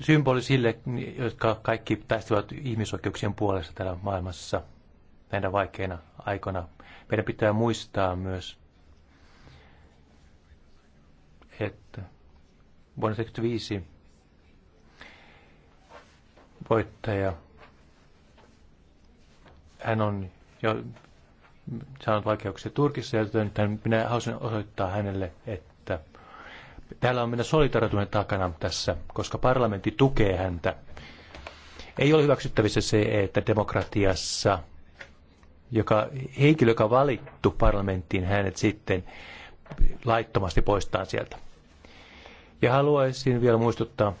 symboli sille, jotka kaikki taistelevat ihmisoikeuksien puolesta täällä maailmassa näinä vaikeina aikoina. Meidän pitää muistaa myös, että vuonna 1975 voittaja, hän on jo saanut vaikeuksia Turkissa, joten minä haluaisin osoittaa hänelle, että Täällä on mennä solidaritumme takana tässä, koska parlamentti tukee häntä. Ei ole hyväksyttävissä se, että demokratiassa joka, henkilö, joka on valittu parlamenttiin, hänet sitten laittomasti poistaa sieltä. Ja haluaisin vielä muistuttaa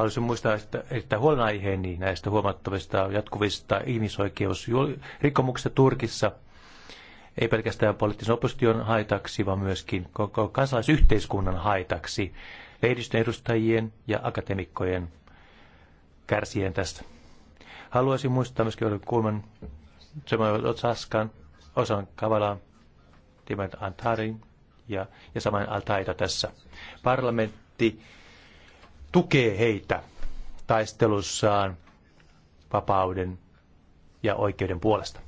Haluaisin muistaa, että, että huolenaiheeni näistä huomattavista jatkuvista ihmisoikeusrikkomuksista Turkissa ei pelkästään poliittisen opposition haitaksi, vaan myöskin koko kansalaisyhteiskunnan haitaksi, lehdistön edustajien ja akatemikkojen kärsien tästä. Haluaisin muistaa myöskin Kulman, Samuel Saskan, Osan kavalan Timet Antarin ja, ja samoin Altaita tässä. Parlamentti tukee heitä taistelussaan vapauden ja oikeuden puolesta.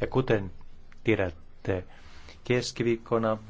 Ja kuten tiedätte, keskiviikkona